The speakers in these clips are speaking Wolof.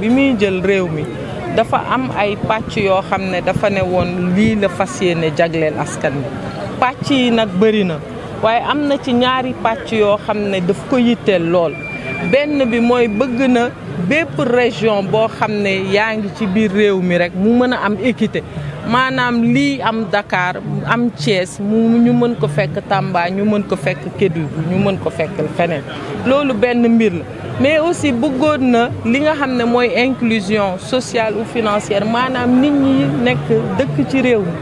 bi muy jël réew mi dafa am ay pàcc yoo xam ne dafa ne woon lii la fas yéene jagleel askan bi pàcc yi nag bëri na waaye am na ci ñaari pàcc yoo xam ne dafa ko yitteel lool benn bi mooy bëgg na bépp région boo xam ne yaa ngi ci biir réew mi rek mu mën a am équité maanaam lii am dakaar am Thiès mu ñu mën ko fekk Tamba ñu mën ko fekk Kédougou ñu mën ko fekk feneen loolu benn mbir la mais aussi bëggoon na li nga xam ne mooy inclusion sociale ou financière maanaam nit ñi nekk dëkk ci réew mi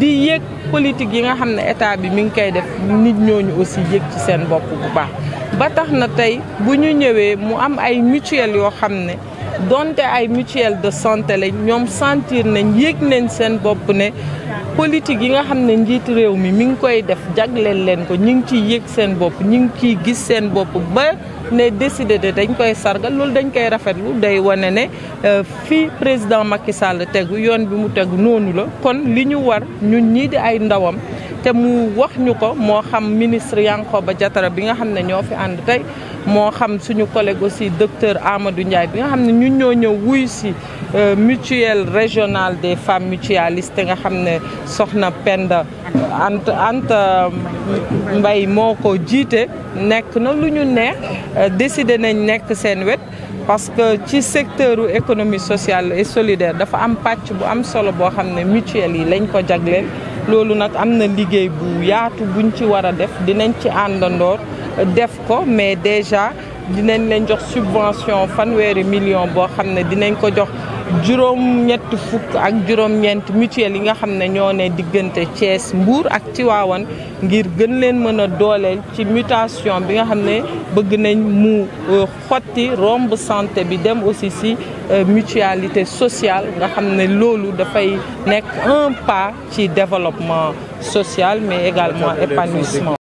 di yëg politique yi nga xam ne état bi mi ngi koy def nit ñooñu aussi yëg ci seen bopp bu ba tax na tey bu ñu ñëwee mu am ay mutuelle yoo xam ne donte ay mutuelle de santé lañ ñoom sentir nañ yéeg leen seen bopp ne politique yi nga xam ne njiit réew mi mi ngi koy def jagleel leen ko ñu ngi ciy yéeg seen bopp ñu ngi ciy gis seen bopp ba ne décidé de dañ koy sargal loolu dañ koy rafet rafetlu day wane ne euh, fii président Macky Sall tegu yoon bi mu tegu noonu la kon li ñu war ñun ñii di ay ndawam te mu wax ñu ko moo xam ministre ba Diattara bi nga xam ne ñoo fi ànd tey moo xam suñu collègue aussi docteur Amadou Ndiaye bi nga xam ne ñun ñoo ñëw wuy si euh, mutuelle régionale des femmes mutualistes nga xam ne soxna Penda Anta Anta Mbaye moo ko jiite nekk na lu ñu ne euh, décidé nañ nekk seen wet parce que ci secteur u économie sociale et solidaire dafa am pàcc bu am solo boo xam ne mutuelle yi lañ ko jagleel loolu nag am na liggéey bu yaatu buñ ci war a def dinañ ci àndandoor def ko mais déjà dinañ leen jox subvention fanweeri million boo xam ne dinañ ko jox juróom ñett fukk ak juróom-ñeent mutuelle yi nga xam ne ñoo ne diggante Thiès mbuur ak Tivaouane ngir gën leen mën a dooleel ci mutation bi nga xam ne bëgg nañ mu euh, xotti romb santé bi dem aussi si euh, mutualité sociale nga xam ne loolu dafay nekk un pas ci développement sociale mais également épanouissement